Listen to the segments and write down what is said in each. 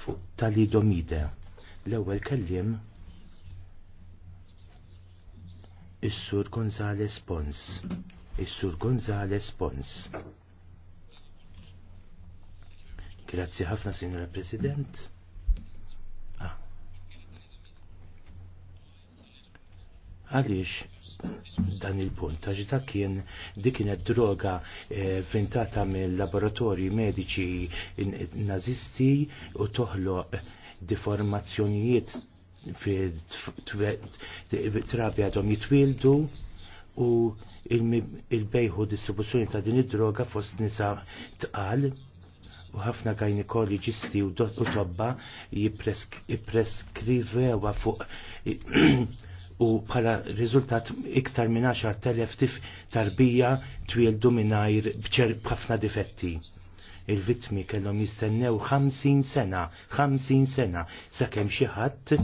fuq tal-idomide. L-ewwel kellim is-Sur Gonzales Pons. Is-Sur Gonzales Pons. Grazzi ħafna, Signora President. Ah. għaliex dan il-punt, għax dak kien dik kienet droga eh, vintata mill-laboratorji mediċi nazisti u toħloq eh, deformazzjonijiet trabjadhom għadhom jitwildu u il-bejħu distribuzzjoni ta' din id-droga fost nisa tqal u ħafna gajnikoloġisti u tobba jipreskrivewa fuq u bħala riżultat iktar minn 10,000 tif tarbija twil mingħajr b'ċer b'ħafna difetti. Il-vittmi kellhom jistennew 50 sena, 50 sena, sakemm xi ħadd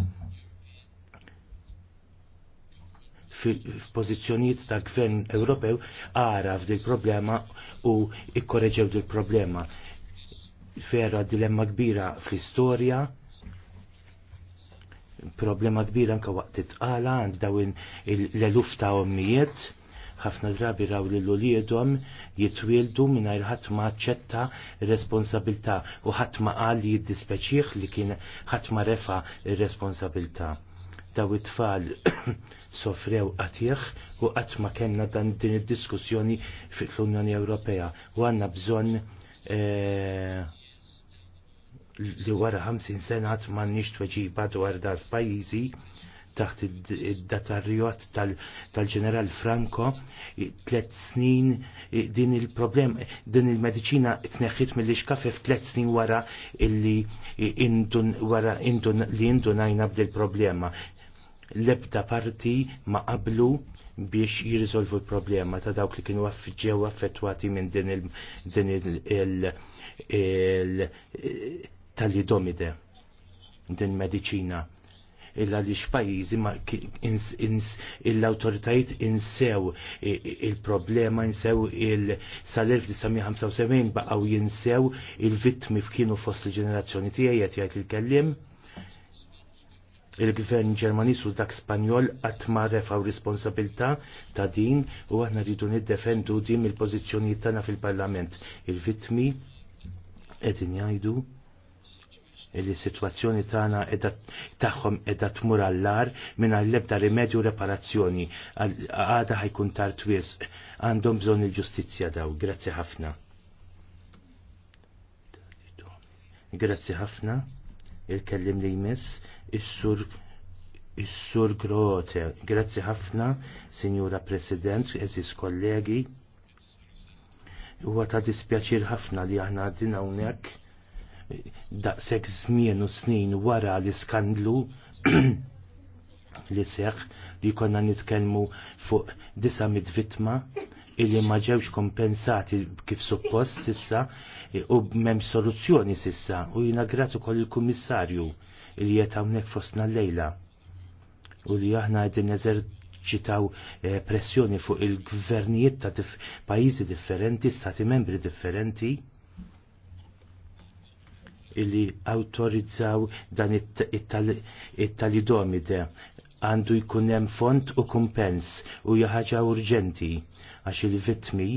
f'pożizzjonijiet ta' gvern Ewropew ara f'dil problema u ikkoreġew dil problema. Ferra dilemma kbira fl-istorja, problema kbira anka waqt it-tqala għand dawin l-eluf ta' ommijiet ħafna drabi raw li l-uliedhom jitwildu mingħajr ħadd ma aċċetta responsabilità u ħadd ma qal li jiddispeċih li kien ħadd ma refa responsabilità. Daw it-tfal sofrew qatih u qatt ma kellna dan din id-diskussjoni fl-Unjoni Ewropea u għandna bżonn eh, li wara 50 sena ma nix tweġiba dwar dar pajizi taħt id-datarjot tal-ġeneral Franco tlet snin din il-problem din il-medicina tneħħit mill-iċkafef tlet snin wara illi indun wara indun li indunajna bdil problema lebda parti ma qablu biex jirriżolvu l-problema ta' dawk li kienu ġew affettwati minn din il- tal-jidomide din medicina illa li xpajizi ma l il-problema insew il-problema insew il-sal-1975 baqaw jinsew il-vittmi f'kienu fost il-ġenerazzjoni tiegħi qed jgħid il-kellim il-gvern ġermani u dak Spanjol qatt ma refaw responsabilità ta' din u aħna rridu niddefendu dim il-pożizzjonijiet tagħna fil-Parlament. Il-vittmi qegħdin jgħidu li situazzjoni tagħna tagħhom qiegħda tmur għall-lar mingħajr l-ebda rimedju reparazzjoni għada ħajkun tar twiz għandhom bżonn il-ġustizzja daw. Grazzi ħafna. Grazzi ħafna il-kellim li jmiss is-sur is-sur Grote. Grazzi ħafna, Sinjura President, eżis kollegi. Huwa ta' dispjaċir ħafna li aħna għaddin hawnhekk daqshekk żmien u snin wara l-iskandlu li seħ li konna nitkellmu fuq disa mit vittma illi ma ġewx kompensati kif suppost sissa u m'hemm soluzzjoni sissa u jina gratu kol il-kummissarju illi qed hawnhekk fostna lejla u li aħna qegħdin eżerċitaw eh, pressjoni fuq il-gvernijiet ta' pajjiżi differenti, stati membri differenti li autorizzaw dan it-talidomide għandu jkunem font u kumpens u jaħħaġa urġenti għax il-vitmi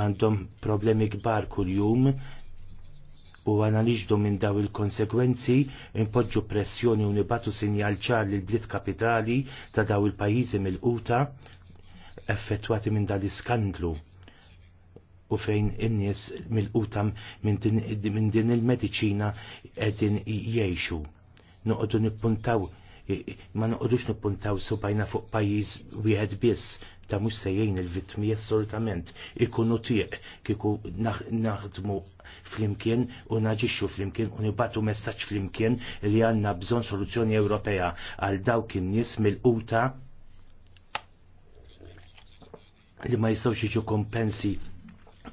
għandhom problemi kbar kull-jum u liġdu minn daw il-konsekwenzi impoġġu pressjoni u nibatu sinjal ċar l bliet kapitali ta' daw il-pajizi mill-quta effettwati minn dal-iskandlu u fejn in-nies mill-qutam minn din il-mediċina qegħdin jgħixu. Noqogħdu nippuntaw ma noqogħdux nippuntaw subajna fuq pajjiż wieħed biss ta' mhux sejjejn il-vittmi assolutament ikunu tieq kieku naħdmu flimkien u naġixxu flimkien u nibatu messaġġ flimkien li għandna bżonn soluzzjoni Ewropea għal dawk in-nies mill-quta li ma jistgħux jiġu kompensi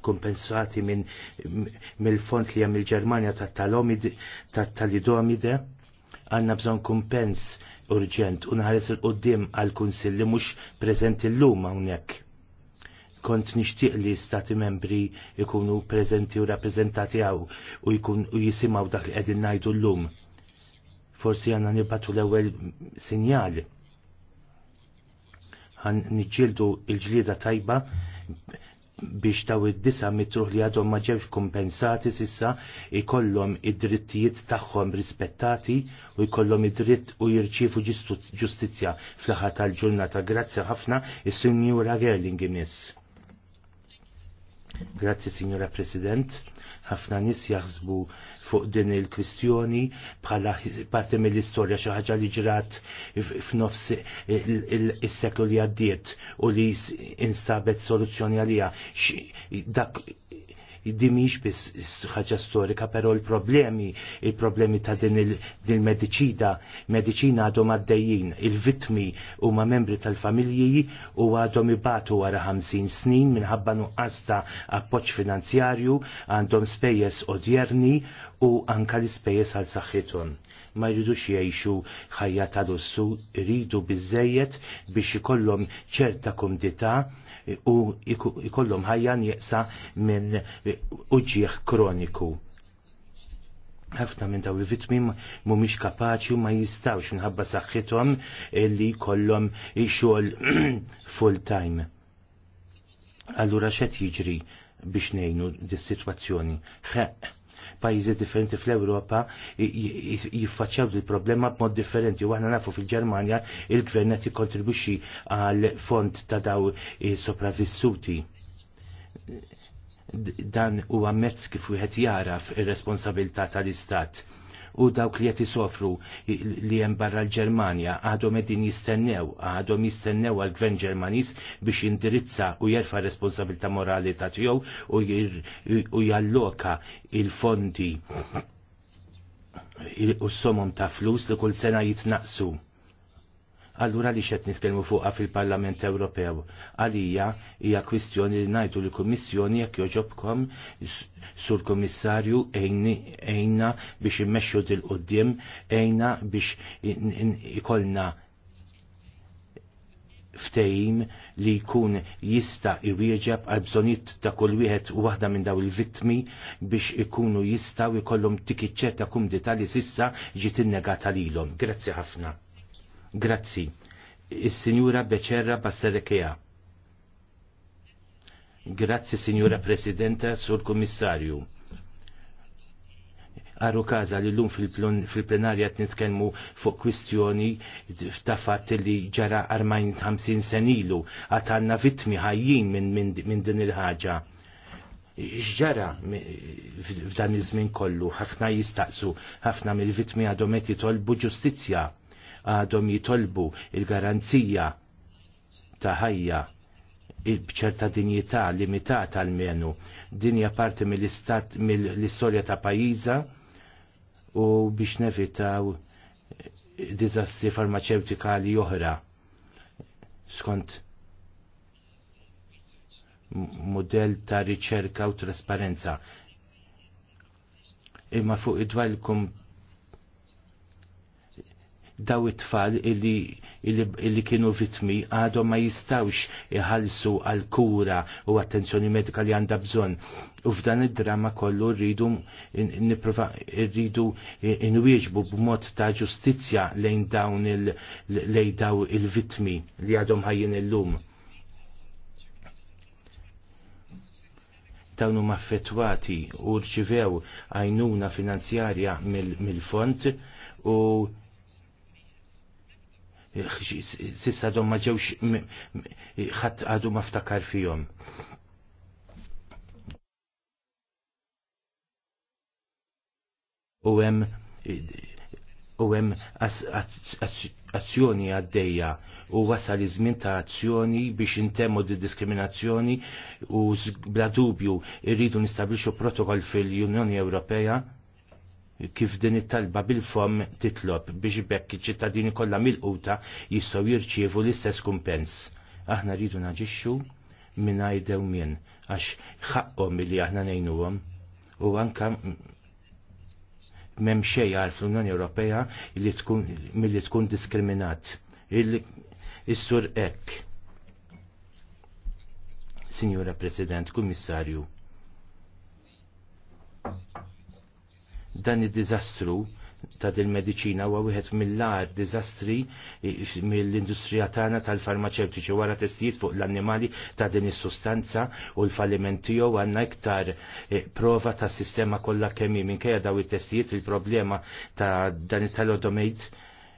kompensati minn mill-font li hemm il-Ġermanja tat-talomid tat-talidomide għanna bżon kumpens urġent u naħares il-qoddim għal kunsill li mux prezent l-lum hawnhekk. Kont nixtieq li stati membri jkunu prezenti u rappresentati għaw u jkun u jisimaw dak li qegħdin ngħidu llum. Forsi għanna nibatu l-ewwel sinjal. Għan niġġieldu il-ġlieda tajba biex taw id-disa mitruħ li għadhom ma ġewx kompensati sissa ikollhom id-drittijiet tagħhom rispettati u jkollhom id-dritt u jirċievu ġustizzja fl ħata tal-ġurnata. Grazzi ħafna is-Sinjura Gerling imiss. Grazzi, Signora President. Ħafna nis jaħsbu fuq din il-kwistjoni bħala parti mill-istorja xi ħaġa li ġrat f'nofs is-seklu li għaddiet u li instabet soluzzjoni għalija dimix bis ħaġa storika, pero l-problemi, il-problemi ta' din il-medicida, medicina għadhom għaddejjin, il-vitmi u ma' membri tal-familji u għadhom ibatu għara 50 snin minħabba nuqqas ta' appoċ finanzjarju, għandhom spejjes odjerni u anka l-spejjes għal saħħithom ma jridux jgħixu ħajja ta' lussu, rridu biżejjed biex ikollhom ċerta komdità u jkollhom ħajjan nieqsa minn uġieħ kroniku ħafna minn daw il-vitmi mhumiex kapaċi u ma jistawx minħabba saħħithom li kollhom xogħol full time. Allura x'qed jiġri biex ngħinu dis-sitwazzjoni? Ħeq pajjiżi differenti fl-Ewropa jiffaċċjaw il problema b'mod differenti u aħna nafu fil-Ġermanja il-gvern qed jikkontribwixxi għal fond ta' daw sopravvissuti dan u għammetz kif wieħed jara responsabilità tal-istat u dawk li qed sofru li hemm barra l ġermania għadhom qegħdin jistennew, għadhom jistennew għall-Gvern Ġermaniż biex jindirizza u jerfa' responsabilità morali ta' tiegħu u jalloka il-fondi u s-somom ta' flus li kull sena jitnaqsu Allura li xed nitkellmu fuqha fil-Parlament Ewropew. Għalija hija kwistjoni li ngħidu l-Kummissjoni jekk joġobkom sur Kommissarju, ejna biex immexxu dil qudiem ejna biex ikollna ftejim li jkun jista iwieġeb għal bżonijiet ta' kull wieħed u waħda minn daw il-vittmi biex ikunu jistaw ikollhom tikiċċetta kumdita li sissa ġiet innegata lilhom. Grazzi ħafna. Grazzi. Is-Sinjura Becerra Basterekea. Grazzi, Sinjura Presidenta, Sur Kommissarju Arru kaza li l-lum fil-plenarja t nitkelmu fuq kwistjoni ta' fatt li ġara 50 senilu għatanna vitmi ħajjin minn min, min din il-ħaġa. X'ġara f'dan iż-żmien kollu, ħafna jistaqsu, ħafna mill-vitmi għadhom qed jitolbu ġustizzja għadhom jitolbu il-garanzija ta' ħajja bċerta dinjità limitata għal-menu. Dinja parti mill-istat mill-istorja ta' pajiza u biex nevitaw dizastri farmaceutikali oħra. Skont modell ta' riċerka u trasparenza. Imma fuq id-dwar daw it-tfal illi, illi, illi kienu vitmi għadhom ma jistawx iħalsu għal kura u attenzjoni medika li għandha bżonn. U f'dan id-drama kollu rridu rridu inwieġbu b'mod ta' ġustizzja lejn dawn lejn daw il-vitmi li għadhom ħajjin illum. dawn huma affettwati u rċivew għajnuna finanzjarja mill-fond mil u sissa għadhom ma ġewx ħadd għadu ma ftakar fihom. U hemm u hemm azzjoni għaddejja u wasal iż-żmien ta' azzjoni biex intemmu di diskriminazzjoni u bla dubju irridu nistabilxu protokoll fil-Unjoni Ewropea kif din it-talba bil-fom titlob biex bekk iċ-ċittadini kollha mill-quta jistgħu jirċievu l-istess kumpens. Aħna rridu naġixxu għajdew min għax ħaqhom li aħna ngħinuhom u anka m'hemm xejn għal fl-Unjoni Ewropea li tkun milli tkun diskriminat. Is-sur ek. Signora President, Kummissarju, Dan id-diżastru ta' dil-medicina huwa wieħed mill-ar diżastri mill-industrija tagħna tal-farmaceutiċi wara testijiet fuq l-annimali ta' din is-sustanza u l-falliment tiegħu għandna iktar e, prova ta' sistema kollha kemm minkejja daw it-testijiet il-problema ta' dan it-talodomate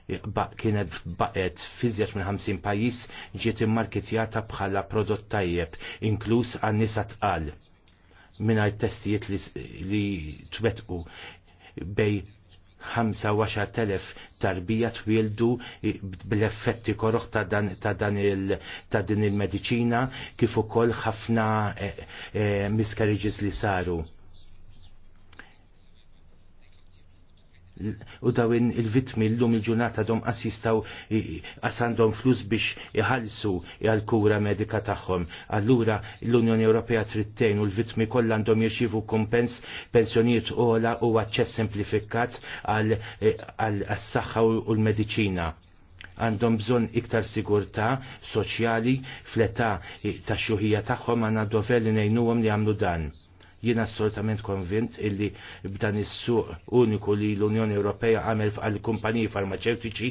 e, kienet baqet fizjet minn 50 pajis ġiet immarkitjata bħala prodott tajjeb, inkluż għan nisa tqal minna testijiet li, li twetqu bej 5 tarbija twildu bl-effetti koroħ ta' dan, ta dan il, ta din il-medicina kif ukoll ħafna eh, eh, miskariġis li saru. u dawin il-vitmi l-lum il-ġurnata dom assistaw għasandom flus biex iħalsu għal-kura medika tagħhom. Allura l-Unjoni Ewropea trittejn u l-vitmi kollha għandhom jirċivu kompens u għola e, u għacċess semplifikat għal-saxħa u l-medicina għandhom bżonn iktar sigurtà soċjali fl-età ta' xuħija tagħhom għandna dovelli ngħinuhom li għamlu dan Jien assolutament konvint illi b'dan is-suq uniku li l-Unjoni Ewropea għamel għal kumpaniji farmaceutiċi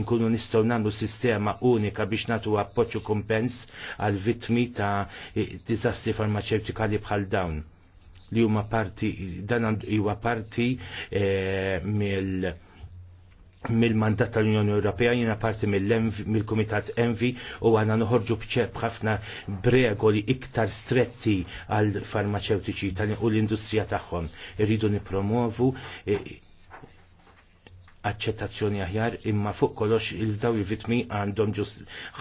inkunu nistgħu nagħmlu sistema unika biex nagħtu appoġġu kumpens għal vittmi ta' diżastri farmaceutikali bħal dawn li huma parti dan huwa parti eh, mill mill-mandat tal-Unjoni Ewropea jiena parti mill-Kumitat mil Envi u għanna noħorġu bċeb ħafna bregoli iktar stretti għal farmaceutiċi u l-industrija tagħhom. Irridu nipromovu eh, aċċettazzjoni aħjar imma fuq kollox il-daw il-vitmi għandhom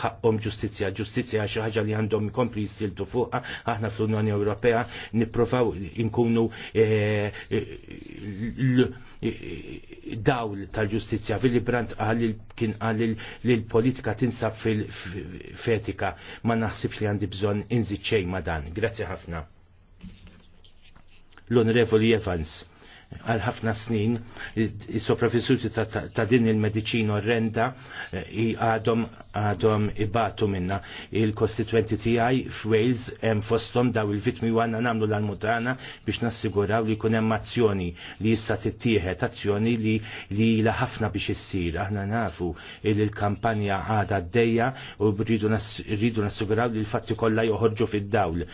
ħaqhom ġustizzja. Ġustizzja xi ħaġa li għandhom ikompli jsiltu fuqha aħna fl-Unjoni Ewropea nippruvaw inkunu eh, dawl tal-ġustizzja. Willy Brandt qal kien qal li l-politika tinsab fil-fetika ma naħsibx li għandi bżonn inżid xejn ma dan. Grazzi ħafna. L-Onorevoli Evans għal ħafna snin is-sopravvissuti ta' din il-medicina orrenda eh, għadhom għadhom ibatu minna. Il-kostituenti tiegħi f'Wales hemm fosthom daw il-vitmi u għandna nagħmlu l-almutana biex nassiguraw li jkun hemm azzjoni li issa tittieħed azzjoni li li ħafna biex issir. Aħna nafu li l-kampanja għadha għaddejja u rridu nassiguraw li l-fatti kollha joħorġu fid-dawl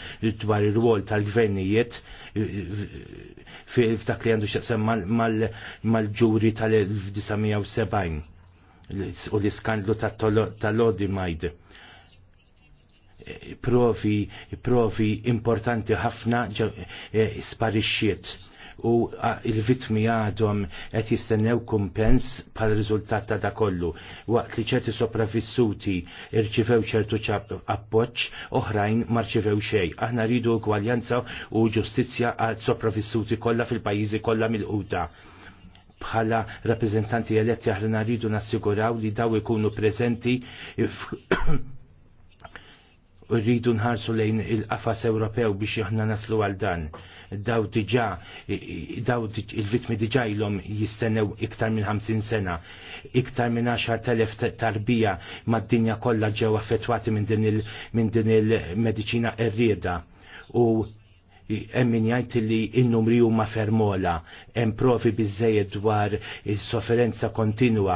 dwar ir-rwol tal-gvernijiet eh, eh, f'dak li għandu biex jaqsem mal-ġuri tal-1970 u l-iskandlu tal-Lodi Majd e, provi, provi importanti ħafna e, sparixxiet u il-vitmi għadhom qed jistennew kumpens pal riżultat ta' da kollu. Waqt li ċerti sopravvissuti irċivew ċertu appoġġ, oħrajn ma rċivew xejn. Aħna rridu gwaljanza u ġustizzja għal sopravvissuti kollha fil-pajjiżi kollha mill-quta bħala rappresentanti eletti aħna rridu nassiguraw li daw ikunu prezenti rridu nħarsu lejn il-qafas Ewropew biex aħna naslu għal dan. Daw diġa, daw il-vitmi diġa ilhom jistennew iktar minn 50 sena, iktar minn 10,000 tarbija mad-dinja kollha ġew affettwati minn din il-mediċina errieda. U emmin jgħid li n-numri huma fermola, hemm provi biżejjed dwar is-sofferenza kontinwa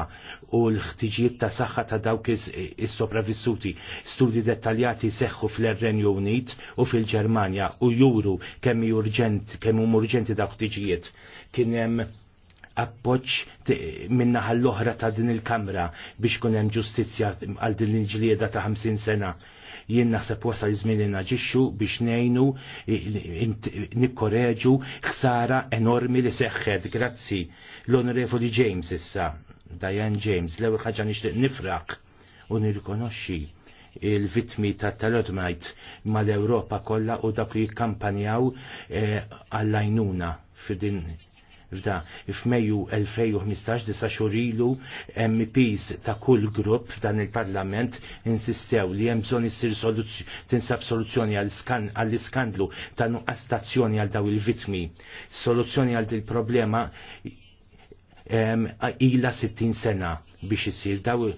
u l-ħtiġijiet ta' saħħa ta' dawk is-sopravvissuti. Studji dettaljati seħħu fl-Renju Unit u fil-Ġermanja u juru kemm urġent kemm hum urġenti dawk ħtiġijiet. Kien hemm min-naħa l-oħra ta' din il-kamra biex kun hemm ġustizzja għal din il-ġlieda ta' 50 sena jien naħseb wasal iż-żmien li naġixxu biex ngħinu nikkoreġu ħsara enormi li seħħet. Grazzi l-Onorevoli James issa, Diane James, l-ewwel ħaġa nixtieq nifraq u nirrikonoxxi il-vitmi ta' tal-odmajt mal ewropa kollha u dak li jikkampanjaw eh, għall fi f'din F'da, f'Mejju 2015 disa xurilu MPs ta' kull grupp f'dan il-Parlament insistew li hemm bżonn issir tinsab soluzzjoni għall-iskandlu ta' nuqqas għal daw il-vitmi. Soluzzjoni għal il-problema ila 60 sena biex jisir f'daw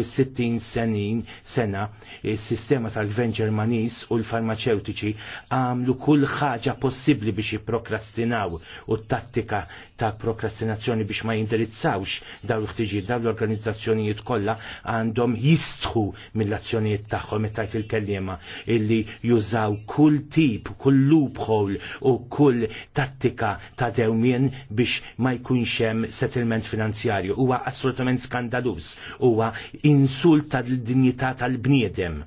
is-60 senin sena is-sistema tal-Gvern Ġermaniż u l-farmaceutiċi għamlu kull ħaġa possibbli biex jipprokrastinaw u t-tattika ta' prokrastinazzjoni biex ma jindirizzawx dawn l-ħtiġijiet dawn l-organizzazzjonijiet kollha għandhom jistħu mill-azzjonijiet tagħhom tajt il kelliema illi jużaw kull tip, kull loophole u kull tattika ta' dewmien biex ma jkunx hemm settlement finanzjarju. Huwa assolutament skandal skandalus huwa insult tad dinjità tal-bniedem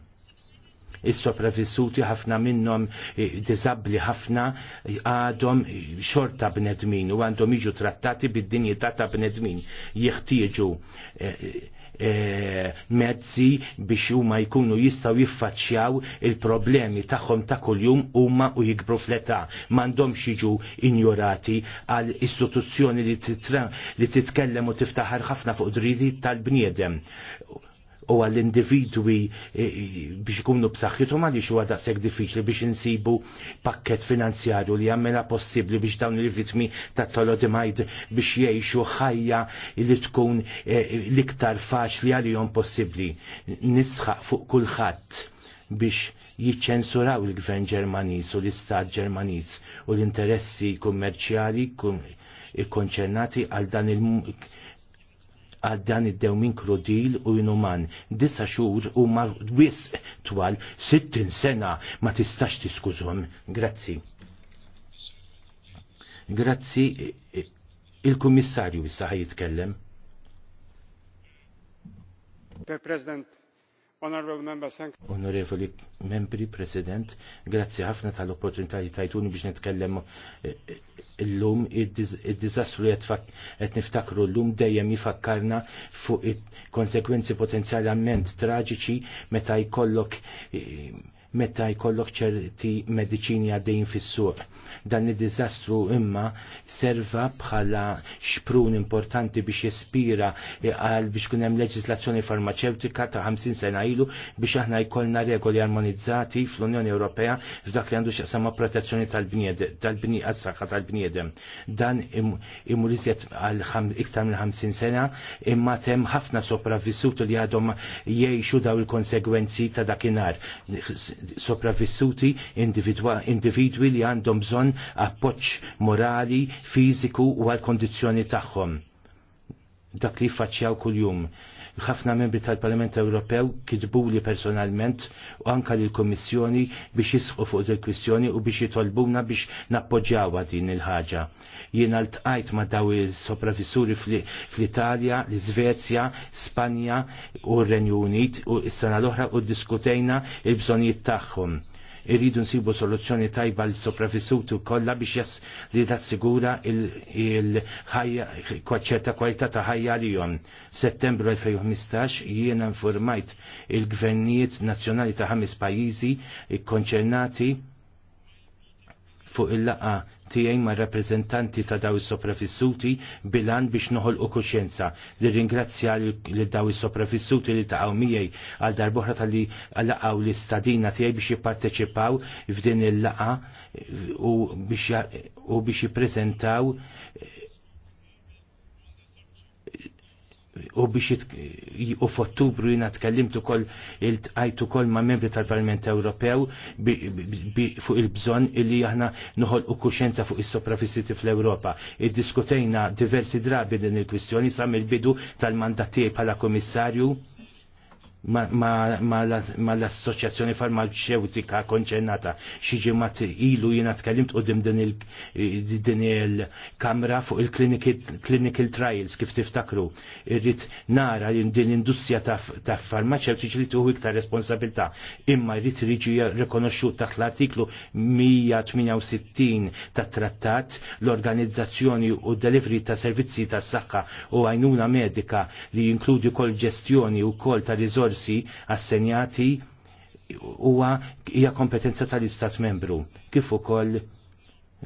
is sopravvissuti ħafna minnhom diżabbli ħafna għadhom xorta bnedmin u għandhom jiġu trattati bid-dinjità ta' bnedmin. Jeħtieġu eh, mezzi biex huma jkunu jistgħu jiffaċċjaw il-problemi tagħhom ta' kuljum huma u jikbru fl-età m'għandhomx jiġu injorati għal istituzzjoni li titkellem u tiftaħar ħafna fuq dridi tal-bniedem u għall-individwi e, e, biex ikunu b'saħħithom għaliex huwa daqshekk diffiċli biex insibu pakket finanzjarju li jagħmilha possibbli biex dawn il-vitmi ta' tolodimajt biex jgħixu ħajja li tkun e, l-iktar faċli għalihom possibbli. Nisħaq fuq kulħadd biex jiċċensuraw il-gvern Ġermaniż u l-istat Ġermaniż u l-interessi kummerċjali ikkonċernati għal dan il għal dan id-dew minn krodil u jnuman, Disa xur u marwis wis twal 60 sena ma tistax tiskużhom. Grazzi. Grazzi e, e, il-kummissarju issa ħaj jitkellem. President, Onorevoli membri, President, grazzi ħafna tal-opportunità li tajtuni biex netkellem eh, eh, l-lum id-dizastru li qed niftakru l-lum dejjem jifakkarna fuq il-konsekwenzi potenzjalment traġiċi meta jkollok eh, meta jkollok ċerti mediċini għaddejn fis-suq. Dan id-diżastru imma serva bħala xprun importanti biex jespira eh, għal biex kun hemm leġislazzjoni farmaceutika ta' 50 sena ilu biex aħna jkollna regoli armonizzati fl-Unjoni Ewropea f'dak li għandu x'aqsama protezzjoni tal-bniedem tal saħħa tal-bniedem. Dan imur iżjed għal iktar minn 50 sena imma tem ħafna sopravvissuti li għadhom jgħixu daw il-konsegwenzi ta' dakinhar sopravvissuti individwi li għandhom bżonn appoġġ morali, fiżiku u għal kondizzjoni tagħhom dak li faċċjaw kuljum ħafna membri tal-Parlament Ewropew kitbu li personalment u anka l kommissjoni biex jisħu fuq il kwistjoni u biex jitolbuna biex nappoġġjawa din il-ħaġa. Jiena l-tqajt ma daw il-sopravissuri fl-Italja, l-Svezja, Spanja u r-Renju Unit u s-sena l-oħra u diskutejna il-bżonijiet tagħhom irridu nsibu soluzzjoni tajba l sopravvissutu kollha biex jass li sigura il-ħajja kwaċċerta kwalità ta' ħajja jom. Settembru 2015 jiena informajt il-gvernijiet nazzjonali ta' ħames pajjiżi konċernati fuq il-laqa tiegħi ma' rappreżentanti ta' daw is-sopravissuti bilan biex noħolqu kuxenza Li ringrazzja li daw is-sopravissuti li taqgħu miegħi għal darbohra tal-li laqgħu l-istadina tiegħi biex jipparteċipaw f'din il-laqa u biex jippreżentaw u biex u f'Ottubru jina tkellimt ukoll il tajtu kol ma' membri tal-Parlament Ewropew fuq il-bżonn illi aħna nuħol u kuxenza fuq is sopravissiti fl-Ewropa. diskutejna diversi drabi din il-kwistjoni sa mill-bidu tal-mandat tiegħi bħala komissarju ma l-Assoċjazzjoni Farmaceutika konċernata xi ġimgħat ilu jiena tkellimt dim din il-kamra fuq il-clinical trials kif tiftakru. Irrit nara li din l-industrija ta' farmaceutiċi li tuħu iktar responsabilità. Imma jrid riġi rekonoxxut taħt l-artiklu 168 tat trattat l-organizzazzjoni u delivery ta' servizzi tas saħħa u għajnuna medika li jinkludi kol ġestjoni u kol ta' riżorsi ir assenjati huwa hija kompetenza tal-Istat membru. Kif ukoll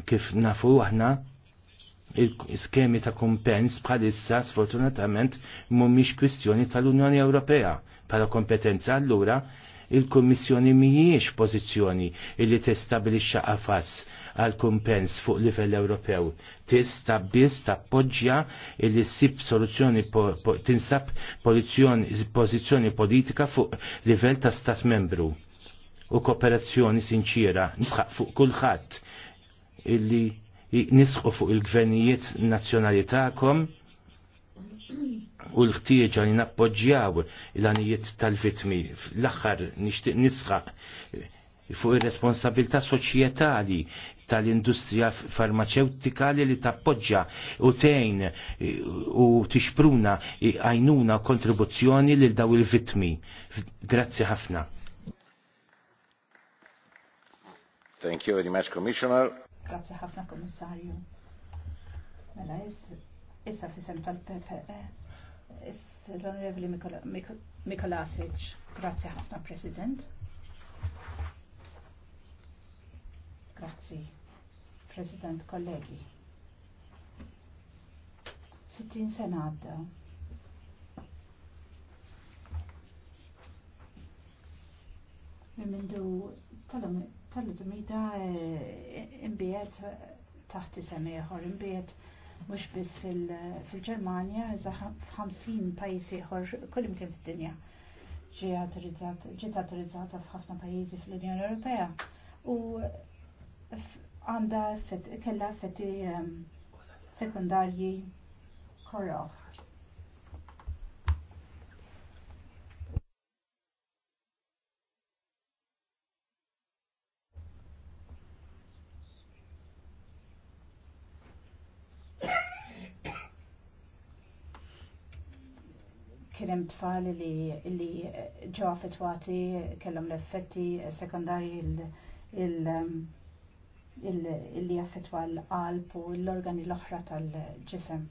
kif nafu aħna il-skemi ta' kompens bħalissa sfortunatament mhumiex kwistjoni tal-Unjoni Ewropea bħala kompetenza allura il-Kummissjoni mhijiex pożizzjoni li testabilixxa qafas għal kumpens fuq livell Ewropew. Tista' biss tappoġġja li ssib soluzzjoni po tinsab pożizzjoni politika fuq livell ta' stat membru u kooperazzjoni sinċira nisħaq fuq kulħadd illi nisħu fuq il-gvernijiet nazzjonali tagħkom u l-ħtieġa li nappoġġjaw il għanijiet tal-vitmi. L-axħar nixtieq nisħaq fuq ir-responsabilità soċjetali tal-industrija farmaceutika li li tappoġġa u tejn u tixpruna għajnuna kontribuzzjoni lil daw il-vitmi. Grazzi ħafna. Thank you very much, Commissioner. Grazie ħafna, Kommissarju. Mela, Issa fisem tal-PPE. L-Onorevoli Mikolasic, grazie ħafna President. Grazzi, President, kollegi. Sittin sena għadda. Mimindu tal-dumida eh, imbiet taħti semmiħor, imbiet mhux biss fil-Ġermanja, iżda f'ħamsin pajjiż ieħor kullimkien fid-dinja. Ġiet autorizzata f'ħafna pajjiżi fl-Unjoni Ewropea u għandha kellha effetti ehm, sekundarji korroħ kien hemm tfal li ġew affettwati kellhom l-effetti sekondarji li affettwa l-qalb u l-organi l-oħra tal-ġisem.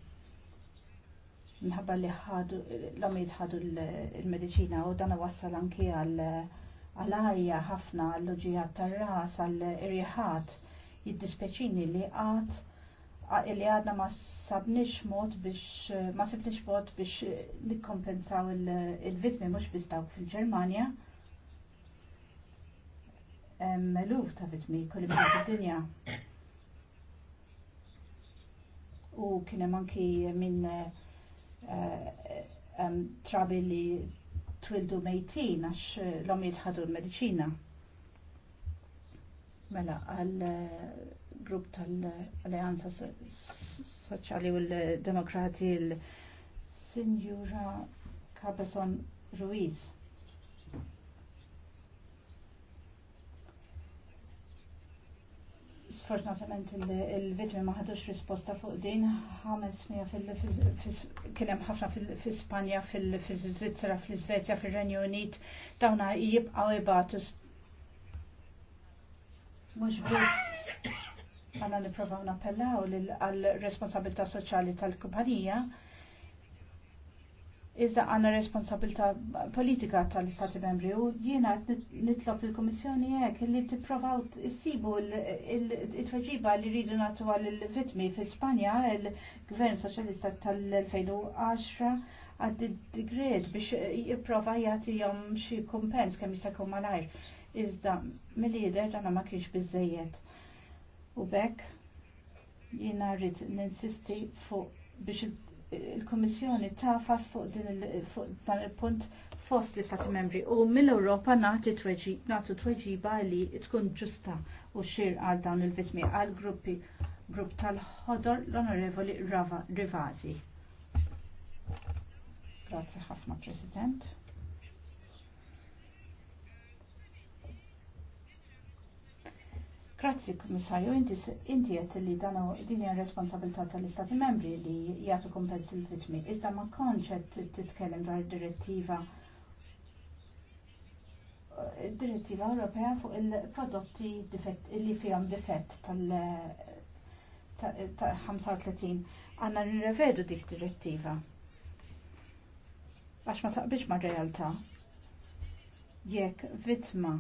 Minħabba li ħadu l-omid ħadu l-medicina u dan wassal anki għal-għajja ħafna għall-loġijat tar-ras għall-irriħat jiddispeċini li għat li għadna ma sabniex mod biex eh, ma sabniex mod biex eh, nikkompensaw il-vitmi mux biex dawk fil ġermania Meluf ta' vitmi kulli fid-dinja. U kiena manki anki minn eh, trabi li twildu mejtin għax l-omiet ħadu l-medicina. Mela, għal grupp tal-Alleanza Soċjali u l-Demokrati l-Sinjura Cabezon Ruiz. Sfortunatament il-vitmi ma ħadux risposta fuq din, ħames 500 kienem ħafna fil-Spanja, fil-Svizzera, fil-Svezja, fil-Renju Unit, dawna jibqaw ibatu mux biss Għana niprofaw nappellaw għal-responsabilità soċjali tal-kumpanija. Iżda għanna responsabilità politika tal-Stati membri u jiena nitlob il-Komissjoni hekk li tipprovaw issibu it-tweġiba li rridu għal għall-vitmi fi Spanja il-Gvern Soċjalista tal-2010 għad digred biex jipprova jagħtihom xi kumpens kemm jista' jkun malajr. Iżda mill jider dana ma kienx biżejjed U bekk jiena rrid ninsisti fuq biex il-Kommissjoni tafas fuq dan il-punt fost li stati membri u mill-Europa nagħti nagħtu tweġiba li tkun ġusta u xir għal dawn il-vitmi għal gruppi grupp tal-ħodor l-Onorevoli Rava Rivazi. Grazie ħafna, President. Grazzi, Komissarju, inti għet li danu din hija responsabilità tal-Istati membri li jagħtu kompens il-vittmi. Iżda ma konċet qed titkellem dwar direttiva eh, direttiva Ewropea fuq il-prodotti li fihom difett tal-35 għanna nirrevedu dik direttiva. Għax ma taqbilx ma' realtà jekk vittma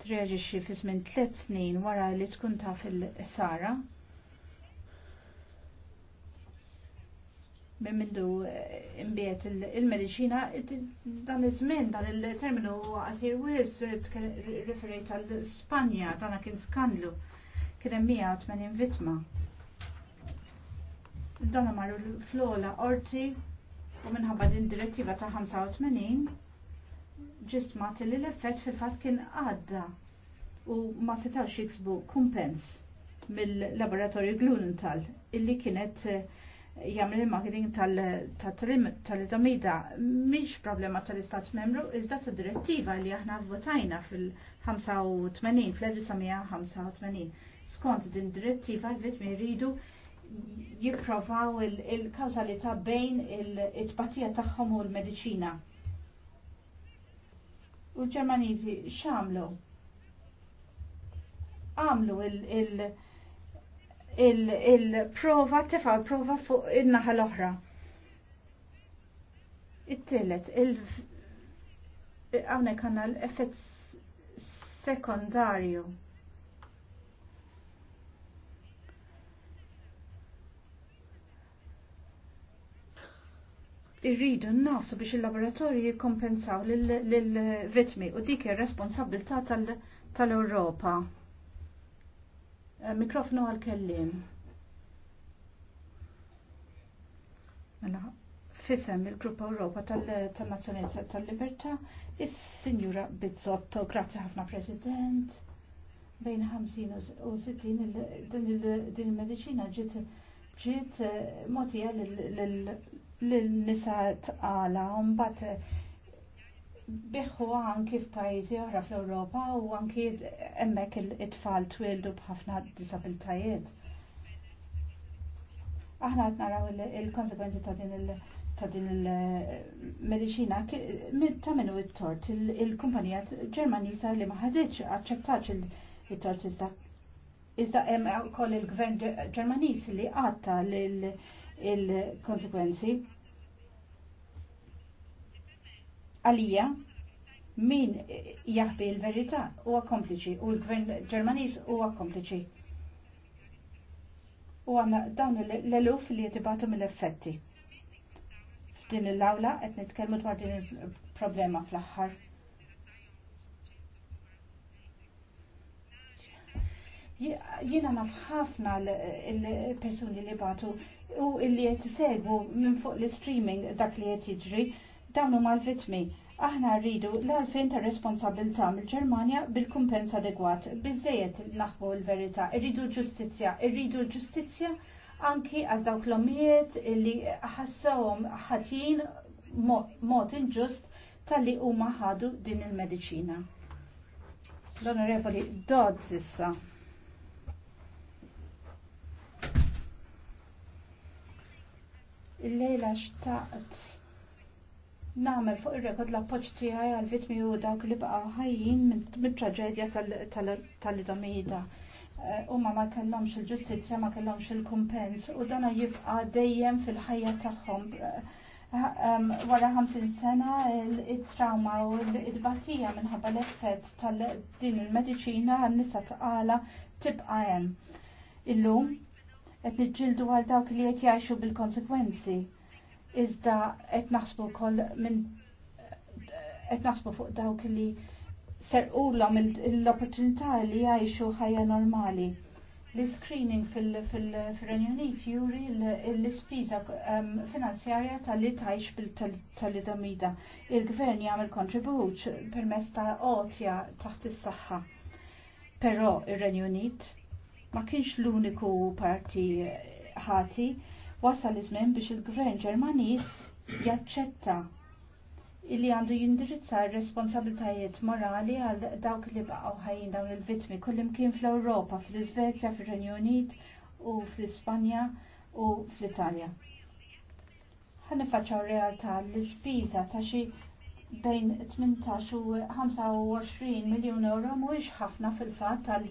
treġixi fi żmien tliet snin wara li tkun taf il-sara. Minn mindu eh, imbiet il-medicina, dan iż-żmien, dan il-terminu għasir wis referejt għal Spanja, dan kien skandlu, kien hemm 180 vittma. Dan marru l-flola orti u minħabba din direttiva ta' 85 ġismat li l-effett fil-fat kien għadda u ma setax jiksbu kumpens mill-laboratorju Glunenthal illi kienet eh, jagħmel il-marketing tal-idamida mhix problema tal-Istat Membru iżda ta' direttiva li aħna votajna fil-85 fl-1985. Skont din direttiva l-vittmi jridu jipprovaw il-kawzalità bejn il-tbatija tagħhom u l-mediċina u l-Ġermaniżi x'għamlu? Għamlu il-prova, l prova fuq in-naħa l-oħra. It-tielet, il- għawnek għanna l-effett sekondarju. irridu nafsu biex il-laboratorji jikkompensaw lill-vitmi u dik ir-responsabilità tal-Ewropa. Eh, mikrofonu għal-kellim. Mela, fisem il-Grupp Ewropa tal-Nazzjonijiet tal-Libertà, is-Sinjura Bizzotto, grazzi ħafna President. Bejn 50 u 60 din il-medicina ġiet ġiet eh, motija l-nisa tqala mbagħad eh, biħu anki f'pajjiżi oħra fl-Ewropa u anki hemmhekk it-tfal twildu b'ħafna disabilitajiet. Aħna qed naraw il-konsekwenzi ta' din il- ta' din il-medicina ta' minnu it-tort il-kumpanija ġermanisa li ma ħadiċ aċċettax it-tort iżda Iżda hemm ukoll il-Gvern Ġermaniż li għatta l-konsekwenzi. Għalija, min jaħbi l-verità huwa kompliċi u l-Gvern Ġermaniż huwa kompliċi. U għanna dawn l-eluf li jtibatu mill-effetti. F'din l-awla qed nitkellmu dwar din il-problema fl-aħħar. Jiena naf ħafna l-persuni li batu u illi qed iservu minn fuq l-streaming dak li qed jiġri dawn huma l-vittmi. Aħna rridu l-għalfejn ta' responsabilità mill-Ġermanja bil-kumpens adegwat, Bizzejet naħbu l-verità, irridu l-ġustizzja, irridu l-ġustizzja anki għal dawk l-omijiet li ħassawhom ħatin mod inġust tal-li huma ħadu din il-mediċina. L-Onorevoli Dodds issa. il-lejla xtaqt namel fuq ir-rekord la poċti għaj għal vitmi u dawk li baqa' ħajjin mit-traġedja tal-Idamida. Eh, huma ma kellhomx il-ġustizzja ma kellhomx il-kumpens u dana jibqa' dejjem fil-ħajja tagħhom. Eh, wara 50 sena il trauma u l-idbatija minħabba l-effett tal-din il-mediċina għan-nisa tqala tibqa' hemm. Illum qed niġġieldu għal dawk li qed jgħixu bil-konsekwenzi. Iżda qed naħsbu wkoll minn qed naħsbu fuq dawk li serqulhom l-opportunità li jgħixu ħajja normali. L-screening fil-Renju Unit juri l-ispiża ehm, finanzjarja tal-li tajx bil-talidomida. Il-gvern jagħmel kontribut permezz ta' qotja taħt is-saħħa. Però ir-Renju Unit ma kienx l-uniku parti ħati wasal iż-żmien biex il-gvern Ġermaniż jaċċetta illi għandu jindirizza responsabiltajiet morali għal dawk li baqgħu ħajjin dawn il-vittmi kullimkien fl-Ewropa, fl-Iżvezja, fir-Renju Unit u fl-Ispanja u fl-Italja. Ħanifaċċaw realtà l-ispiża ta' xi bejn 18 u 25 miljon euro mhuwiex ħafna fil-fatt tal-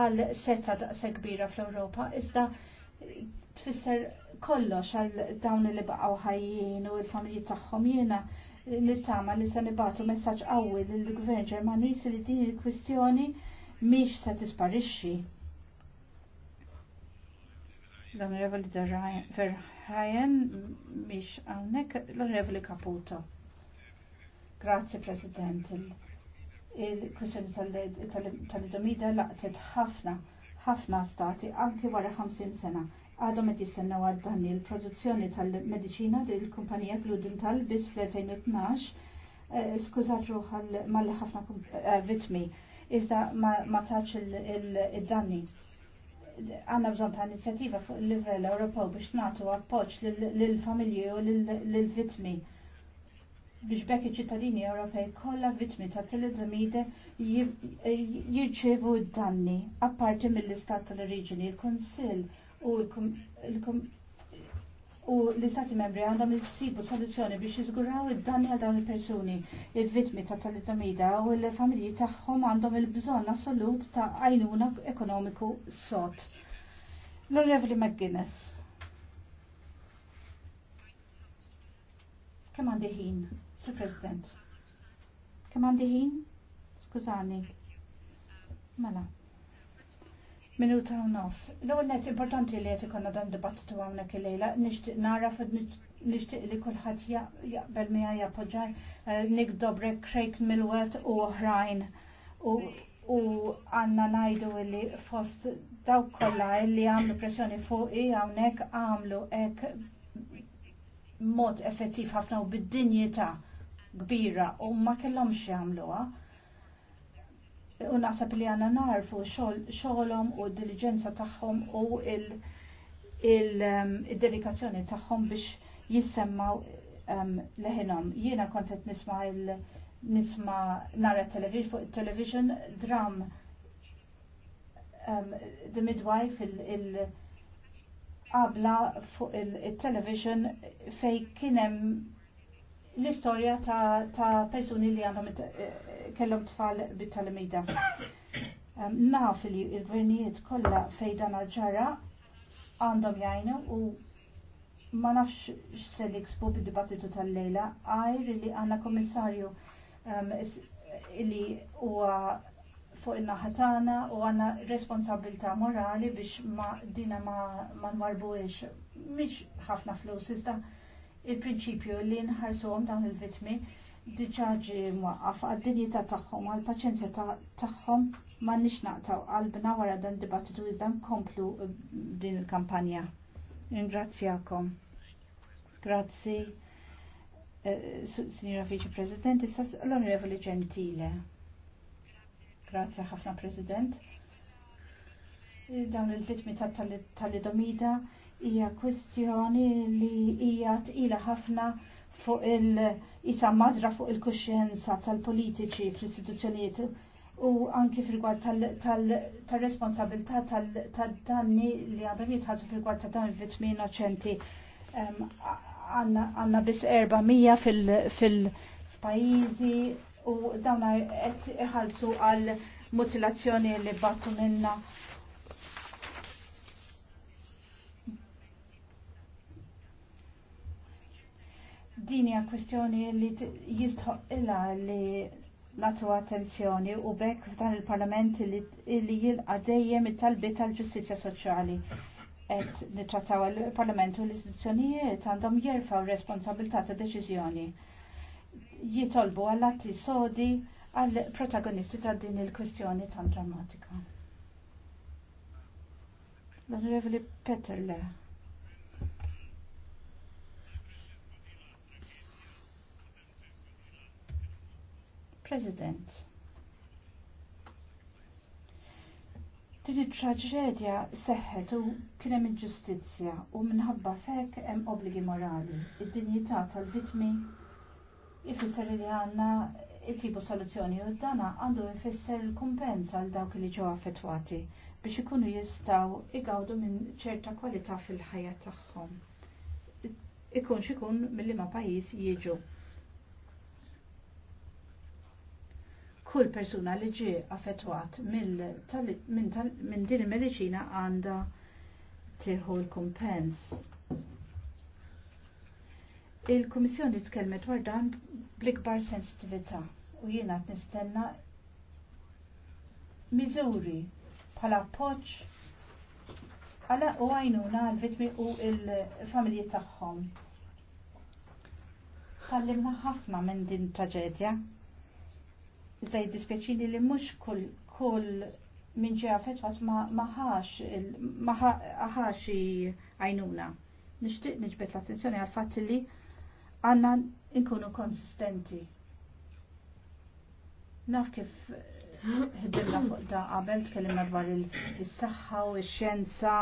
għal setta daqsa kbira fl-Ewropa, iżda tfisser kollox għal dawn li baqgħu ħajjin u l-familji tagħhom jiena nittama li se nibatu messaġġ qawwi lill-Gvern Ġermaniż li din il-kwistjoni mhix se tisparixxi. L-Onorevoli Verhajen mhix hawnhekk l-Onorevoli Caputo. Grazie President il kwestjoni tal-idomida laqtet ħafna ħafna stati anki wara 50 sena. Għadhom qed jistennew għad il-produzzjoni tal-mediċina li l-kumpanija Gludental biss fl-2012 eh, skużat ruħ mal ħafna eh, vitmi iżda ma taċ il-danni. Għanna bżon ta' inizjativa fuq il livell Ewropew biex nagħtu appoġġ lill familji u lill vitmi biex bekk iċ-ċittadini Ewropej kollha vittmi ta' tilidomide jirċevu danni apparti mill-istat tal-oriġini. Il-Kunsill u l-Istati membri għandhom jisibu soluzzjoni biex jiżguraw id-danni għal dawn il-persuni, il-vittmi ta' talidomida u l-familji tagħhom għandhom il-bżonn assolut ta' għajnuna ekonomiku sot. L-Onorevoli McGuinness. Kemm għandi ħin? Sur President. Kemm għandi ħin? Skużani. Mela. Minuta u nofs. L-ewwel net importanti li qed ikollna dan dibattitu hawnhekk il-lejla, nixtieq nara nixtieq li kulħadd jaqbel hija jappoġġaj eh, Nick Dobrek, Craig Milwet u oħrajn. U għanna najdu li fost daw kollha li għamlu pressjoni fuqi hawnhekk għamlu hekk mod effettiv ħafna u bid-dinjità kbira u ma kellhomx jagħmluha. U naħseb li għandna narfu xogħolhom u d-diligenza tagħhom u il-dedikazzjoni um, tagħhom biex jissemmaw um, leħinhom. Jiena kontet nisma' il- nisma nara television fuq television dram um, the midwife il, il qabla fuq il-television fej kienem l-istorja ta', ta persuni li għandhom eh, kellhom tfal bit talmida Um, naf li l-gvernijiet kollha fejn dan ġara għandhom jajnu u ma nafx x'se li kspu bid-dibattitu tal-lejla, għajr li għandna komissarju um, li huwa fuq in naħatana u għandna responsabilità morali biex ma dina ma, ma nwarbuhiex mhix ħafna flus iżda il-prinċipju li nħarsuhom dawn il-vittmi diġaġi mwaqqaf għad-dinjità tagħhom għall-paċenzja tagħhom ma nix naqtaw qalbna wara dan dibattitu iżda nkomplu eh, din il-kampanja. Ingrazzjakom. Grazzi. Eh, signora Vice President, issa l-Onorevoli Gentile. Grazzi ħafna President. Eh, dawn il-vitmi tal-idomida. tal idomida tal hija kwistjoni li hija tqila ħafna fuq il-isa mażra fuq il-kuxjenza tal-politiċi fl-istituzzjonijiet u anki fil-gwad tal-responsabilità tal-danni li għadhom jitħassu fil-gwad ta' dan il-vitmi innoċenti. Għanna bis 400 fil-pajizi u dawna qed iħallsu għal mutilazzjoni li battu minna Din hija kwestjoni li jistħoq li natu attenzjoni u bekk f'dan il-Parlament li jilqa' dejjem it-talbi tal-ġustizzja soċjali qed nittrattaw il-Parlament u l-istituzzjonijiet għandhom jerfgħu responsabilità ta' deċiżjoni. Jitolbu għall atti sodi għall protagonisti ta' din il-kwestjoni tan drammatika. L-Onorevoli Peterle. President. Din it-traġedja seħħet u kien hemm inġustizzja u minħabba fek hemm obbligi morali. Id-dinjità tal-vitmi ifisser li għandna jtibu soluzzjoni u dana għandu jfisser l-kumpensa għal dawk li ġew affettwati biex ikunu jistgħu igawdu minn ċerta kwalità fil-ħajja tagħhom. Ikun xikun mill-liema pajjiż jiġu. kull persuna li ġie affettwat minn din il-medicina għandha tieħu l-kumpens. Il-Kummissjoni tkellmet dwar dan bl-ikbar sensitività u jiena qed nistenna miżuri bħala appoġġ għala u għajnuna għal-vitmi u il-familji tagħhom. Tallimna ħafna minn din traġedja. Zaj dispeċini li mux kull kull minn ġeja fetwat maħax għajnuna. Nishtiq nġbet l-attenzjoni għal-fat li għanna inkunu konsistenti. Naf kif ħiddilna fuq da qabel tkellimna dwar il-saħħa u x-xjenza.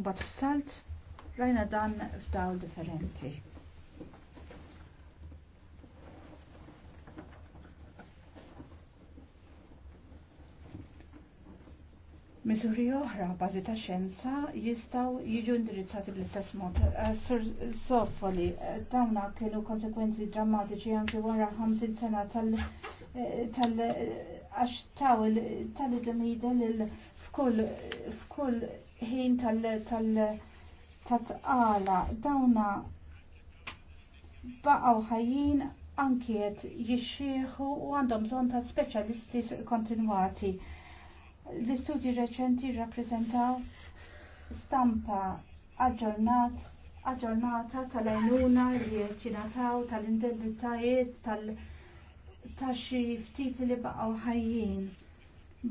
Mbagħad f'salt rajna dan f'dawl differenti. Miżuri oħra bażi ta' xjenza jistgħu jiġu indirizzati bl-istess mod. Eh, Sofoli, eh, dawna kienu konsekwenzi drammatiċi anke wara 50 sena tal- eh, għax taw tal-idemida l f'kull f'kull ħin tal tal tatqala dawna baqgħu ħajjin anki qed jixxieħu u għandhom bżonn ta' speċjalisti kontinwati L-istudji reċenti rappresentaw stampa aġġornat aġġornata tal-għajnuna li jingħataw tal-indebitajiet tal- ta' xi ftit li baqgħu ħajjin.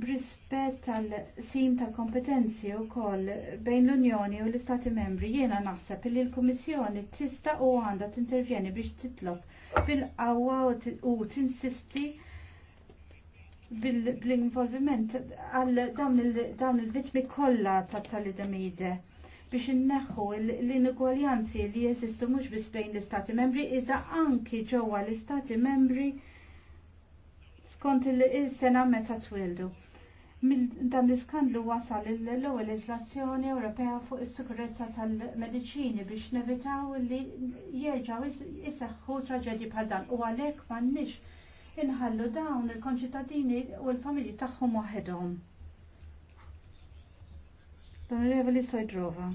Brispett tal-sim ta' kompetenzi wkoll bejn l-Unjoni u l-Istati Membri jiena naħseb li l-Kummissjoni tista' u għandha tintervjeni biex titlob bil-qawwa u tinsisti bil-involviment għal dawn il-vitmi kollha tal-idemide biex inneħħu l-inugwaljanzi li jeżistu mhux biss bejn l-Istati membri iżda anki ġewwa l-Istati membri skont il-sena meta twildu. Dan l-iskandlu wasal l-ewwel leġislazzjoni Ewropea fuq is-sikurezza tal-mediċini biex nevitaw li jerġgħu seħħu traġedji bħal dan u għalhekk m'għandniex inħallu dawn il-konċittadini u l-familji tagħhom waħedhom. L-Onorevoli Sojdrova.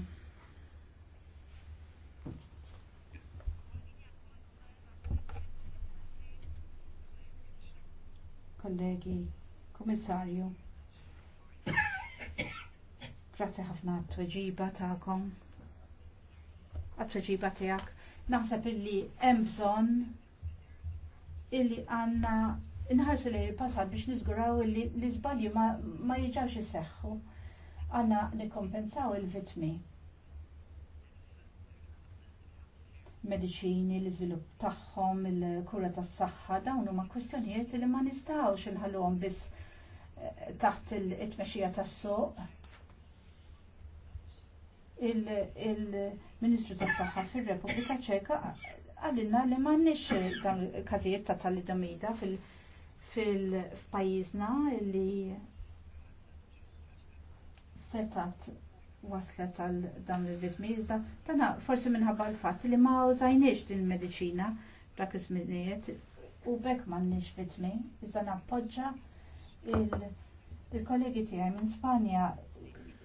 kollegi, komissarju. Grazie ħafna għat-tweġiba ta'kom. Għat-tweġiba ta'jak, Naħseb illi hemm bżonn illi għanna nħarsu li passat biex nizguraw illi l-izbalji ma, ma jiġawx jisseħħu għanna nikompensaw il-vitmi. Mediċini, l izvilup tagħhom, il-kura tas-saħħa, dawn huma kwistjonijiet li ma nistgħux inħalluhom biss eh, taħt il-tmexxija tas-suq il-Ministru ta' tas saxħa fir-Repubblika Ċeka għallinna li ma nix eh, dan kazijiet ta' talidomida fil-pajizna li setat waslet għal dan il-vitmi, iżda tana forsi minħabba l-fat li ma użajniex din medicina dak iż-żminijiet u bekk ma nix vitmi, iżda nappoġġa il-kollegi tiegħi minn Spanja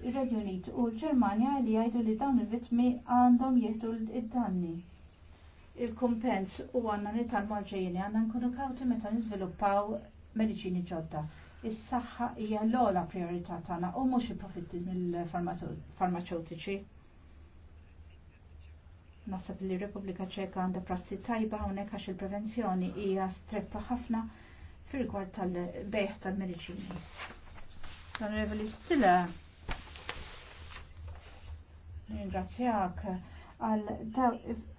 ir-Renju Unit u l-Ġermanja li jgħidu li dawn il-vitmi għandhom jieħdu id-danni il-kumpens u għanna nitalmu għalġejni għanna nkunu kawti meta nizviluppaw mediċini ġodda. Is-saħħa hija l-ola priorità tagħna u mhux il-profitti mill-farmaceutiċi. Nasab li Repubblika Ċeka għandha prassi tajba hawnhekk għax il-prevenzjoni hija stretta ħafna fir-rigward tal-bejħ tal-mediċini. Onorevoli Stilla, ringrazzjak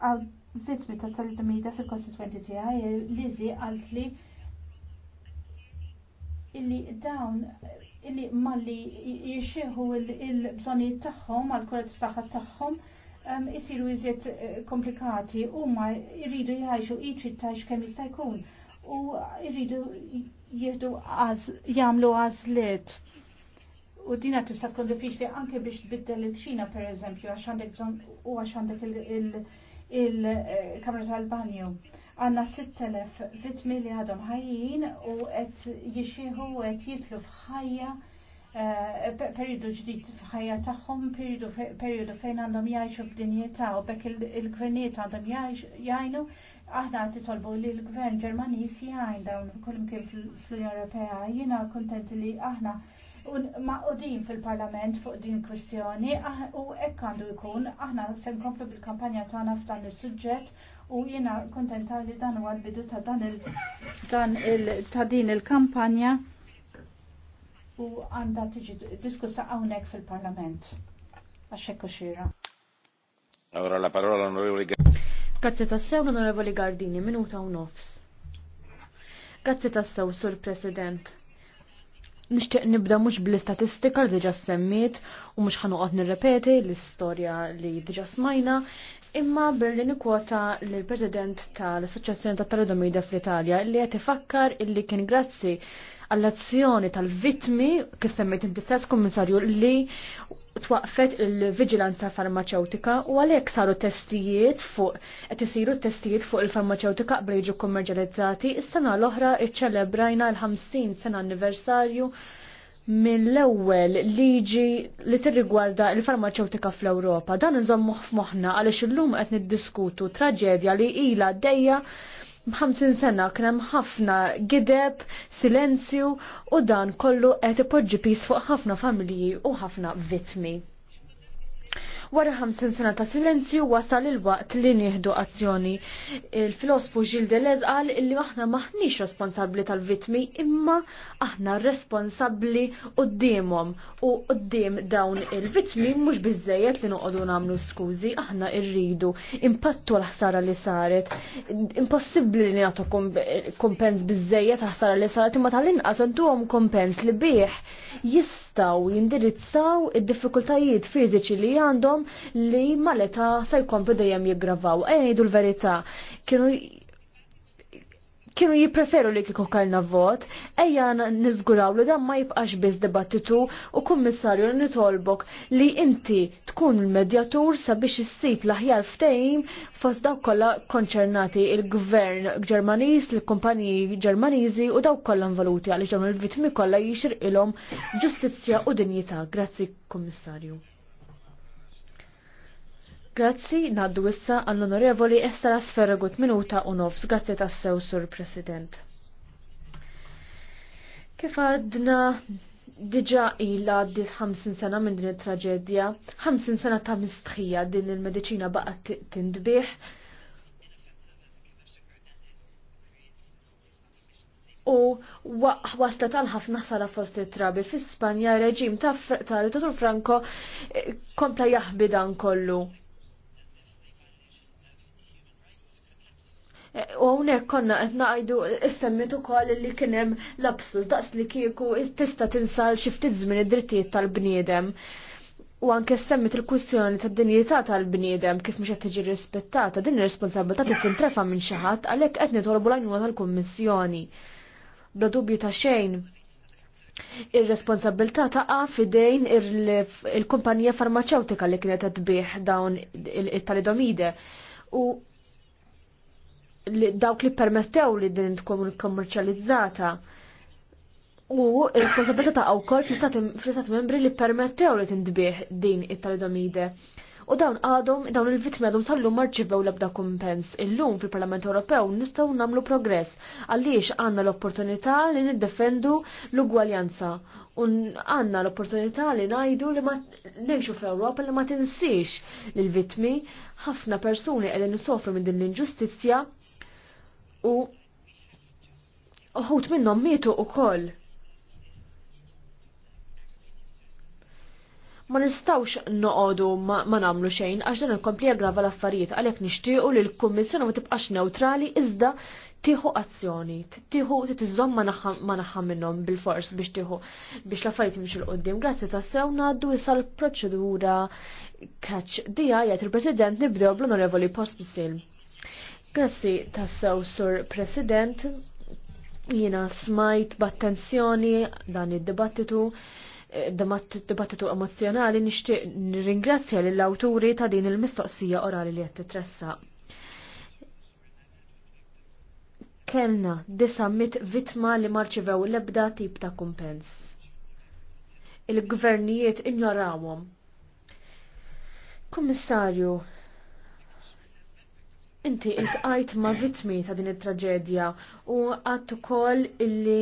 għal vittmi ta' tal-domida fil kostituenti tiegħi Lizzy għalt li illi dawn illi malli jixieħu il-bżonijiet tagħhom għal kura tas-saħħa tagħhom isiru iżjed eh, komplikati u ma jridu jgħixu iċi tajx kemm jista' jkun u jridu jieħdu jagħmlu għażliet. U dina tista' tkun diffiċli anke biex tbiddel il kxina pereżempju għax għandek bżonn u għax għandek il-, il il-Kamra tal-Banju. Għanna 6.000 vitmili li għadhom ħajjin u qed jixieħu u qed jitlu f'ħajja eh, periodu ġdid f'ħajja tagħhom, periodu fejn għandhom jgħixu b'dinjeta u bekk il-gvernijiet għandhom jgħinu aħna titolbu li l-gvern Ġermaniż jajn dawn kull kif fl-Unjoni Ewropea. Jiena kontent li aħna maqodin fil-parlament fuq din kwestjoni ah, u hekk għandu jkun aħna se nkomplu bil-kampanja tagħna f'dan is-suġġett u jiena kontenta li dan huwa l-bidu ta' dan il, dan il ta' din il-kampanja u għandha tiġi diskussa hawnhekk fil-parlament. Għax hekk xira. Allora la parola l'onorevole Gardini. Grazie tassew l-onorevoli Gardini, minuta u nofs. Grazie tassew, sur President. Nixtieq nibda mhux bl-istatistika li diġa' semmiet u mhux ħanuqgħod nirrepeti l-istorja li diġà smajna, imma billi nikwota l-President tal-Assoċjazzjoni tat Talidomida fl-Italja li qed ifakkar illi kien grazzi għall-azzjoni tal-vitmi, kif semmejt inti stess kummissarju li twaqfet il-vigilanza farmaceutika u għalhekk saru testijiet fuq qed isiru testijiet fuq il-farmaceutika qabel jiġu kommerċjalizzati, is-sena l-oħra iċċelebrajna l-50 sena anniversarju mill-ewwel liġi li tirrigwarda il-farmaceutika fl-Ewropa. Dan inżommu f'moħħna għaliex illum qed niddiskutu traġedja li ilha dejja 50 sena kien hemm ħafna gideb, silenzju u dan kollu qed ipoġġi pis fuq ħafna familji u ħafna vittmi. Wara 50 sena ta' silenzju wasal il-waqt li nieħdu azzjoni. Il-filosofu Gilles Deleuze qal illi aħna maħniex responsabbli tal-vitmi imma aħna responsabbli qudiemhom u quddiem dawn il-vitmi mhux biżejjed li noqogħdu nagħmlu skużi, aħna rridu impattu l-ħsara li saret. Impossibbli li nagħtu kompens biżejjed ħsara li saret imma tal-inqas intuhom kompens li bih jistgħu jindirizzaw id-diffikultajiet fiżiċi li għandhom tagħhom li maleta se jkomplu dejjem jiggravaw. Ejja ngħidu l-verità. Kienu kienu jipreferu li kieku kalna vot, ejja nizguraw li dan ma jibqax biz dibattitu u kummissarju nitolbok li inti tkun il-medjatur sabiex issib laħjar ftejim fos daw kolla konċernati il-gvern ġermaniż, il-kumpaniji ġermaniżi u daw kolla involuti għal ġom il-vitmi kolla jixir ilom ġustizzja u dinjità. Grazzi, kummissarju. Grazzi, naddu issa għall-onorevoli Estara Sferragut minuta u nofs. Grazzi tassew, Sur President. Kif għadna diġa ila għaddit 50 sena minn din il-traġedja, 50 sena ta' mistħija din il-medicina baqat tindbiħ. U wasla tal-ħafna sala fost it-trabi fi Spanja reġim ta' tal tatur Franco eh, kompla jahbidan kollu U hawnhekk konna qed ngħidu semmitu ukoll li kien hemm lapsus daqs li kieku tista' tinsal xi ftit żmien id-drittijiet tal-bniedem. U anke semmit il-kwistjoni tad dinjità tal-bniedem kif mhux qed tiġi rispettata, din ir-responsabilità t-intrefa minn xi ħadd għalhekk qed nitolbu l-għajnuna tal-Kummissjoni. Bla dubju ta' xejn, Ir-responsabilità taqa' fidejn il-kumpanija farmaceutika li kienet tbieħ dawn il-talidomide. U li dawk li permettew li din tkun kommerċjalizzata. U responsabilità ta' wkoll fl-istat membri li permettew li tindbih din it-talidomide. U dawn għadhom, dawn il-vittmi għadhom sallu marċivew l-ebda kumpens. Illum fil-Parlament Ewropew nistgħu nagħmlu progress għaliex għandna l-opportunità li niddefendu l-ugwaljanza. U għandna l-opportunità li ngħidu li ma ngħixu fl-Ewropa li ma tinsix lill vittmi ħafna persuni qegħdin nisofru minn din l-inġustizzja u uħut minnhom mietu koll. ma nistawx noqodu ma, ma namlu xejn għax dan il-kompli jaggrava l-affarijiet għalhekk nixtiequ li l-Kummissjoni ma tibqax neutrali iżda tieħu azzjoni, tieħu titiżomm ma naħam minnhom bil-fors biex tieħu biex l-affarijiet jimxu l-qudiem. Grazzi tassew ngħaddu issa l-proċedura catch dija jgħat il-President nibdew bl-Onorevoli Post bisilm. Grazzi tassew sur President, jina smajt b'attenzjoni dan id-dibattitu eh, dibattitu emozjonali nixtieq nirringrazzja lill awturi ta' din il-mistoqsija orali li qed titressa. Kellna disa' mit vittma li marċivew l-ebda tip ta' kumpens. Il-gvernijiet ignorawhom. Kommissarju, Inti it-għajt ma' vittmi ta' din it-traġedja u għattu kol illi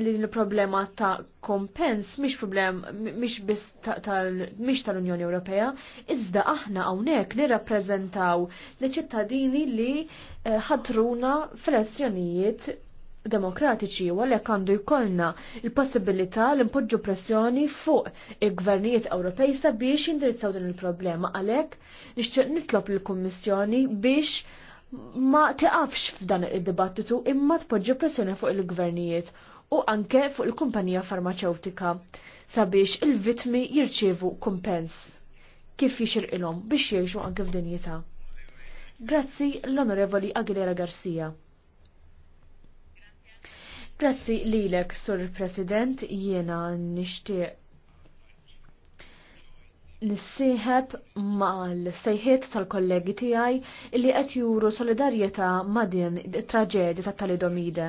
illi l-problema ta' kompens mhix problem mhix biss mhix tal-Unjoni Ewropea, iżda aħna hawnhekk nirrappreżentaw li ċittadini eh, li ħadruna fl-elezzjonijiet demokratiċi u għalhekk għandu jkollna il-possibilità li npoġġu pressjoni fuq il-gvernijiet Ewropej sabiex jindirizzaw din il-problema għalhekk nixtieq nitlob lill-Kummissjoni biex ma tiqafx f'dan id-dibattitu imma tpoġġu pressjoni fuq il-gvernijiet u anke fuq il-kumpanija farmaceutika sabiex il-vitmi jirċievu kumpens kif jixirqilhom biex jgħixu anke f'dinjità. Grazzi l-Onorevoli Aguilera Garcia. Grazzi lilek, Sur President, jiena nixtieq ma mal-sejħiet tal-kollegi tiegħi li qed juru solidarjetà ma' din it-traġedja tat-talidomide.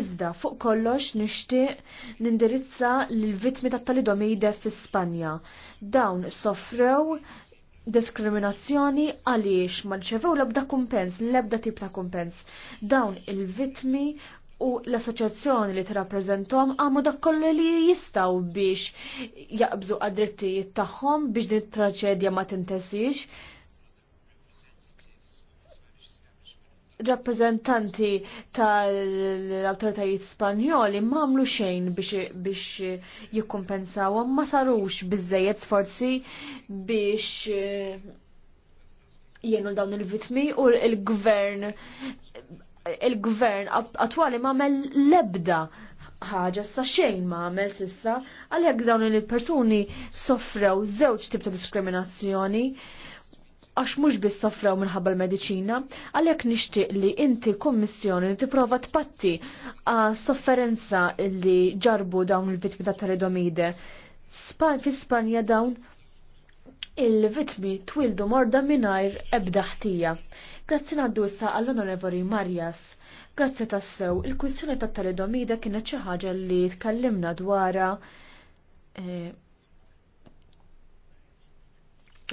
Iżda fuq kollox nixtieq nindirizza lill-vittmi ta' talidomide fi Spanja. Dawn sofrew diskriminazzjoni għaliex ma l-ebda kumpens, l-ebda tip ta' kumpens. Dawn il-vitmi u l-assoċjazzjoni li t-rapprezentom għamu dak kollu li jistaw biex jaqbżu għad-drittijiet tagħhom biex din traċedja ma tintesix. Rappreżentanti tal-autoritajiet Spanjoli m'għamlu xejn biex, jikkompensaw ma sarux biżejjed sforzi biex eh, jenu dawn il-vitmi u l-gvern il-gvern attuali ma mel lebda ħaġa sa xejn ma mel sissa għalhekk dawn il-persuni soffrew żewġ tip ta' diskriminazzjoni għax mhux biss soffrew minħabba l-mediċina, għalhekk nixtieq li inti kommissjoni kummissjoni tipprova tpatti sofferenza li ġarbu dawn il-vittmi ta' taridomide Fi Spanja dawn il-vittmi twildu morda mingħajr ebda ħtija. Grazzi għaddu issa għall-Onorevoli Marjas. Grazzi tassew, il kwissjoni ta' talidomida kienet xi ħaġa li tkellimna dwara eh,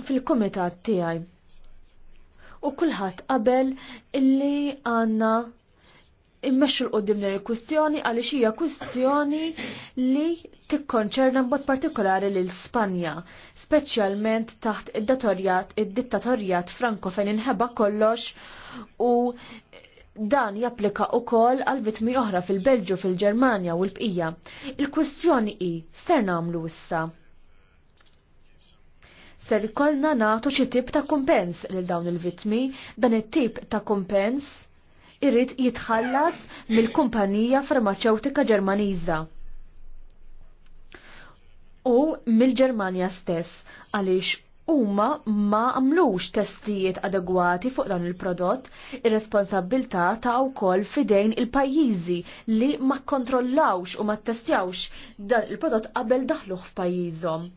fil-komitat tiegħi. U kulħadd qabel illi għandna immexxu l-qoddim din il-kwistjoni għaliex hija kwistjoni li tikkonċerna b'mod partikolari lil Spanja, speċjalment taħt id dittatorjat id-dittatorjat Frankofen inħeba kollox u dan japplika ukoll għal vitmi oħra fil-Belġu, fil-Ġermanja u l-bqija. Il-kwistjoni hi ser nagħmlu issa. Ser ikollna nagħtu xi tip ta' kumpens lil dawn il-vitmi, dan it-tip ta' kumpens irrid jitħallas mill-kumpanija farmaceutika Ġermaniża u mill-Ġermanja stess għaliex huma ma għamlux testijiet adegwati fuq dan il-prodott, ir responsabilta ta' wkoll fidejn il-pajjiżi li ma kontrollawx u ma testjawx dan il-prodott qabel daħluh f'pajjiżhom.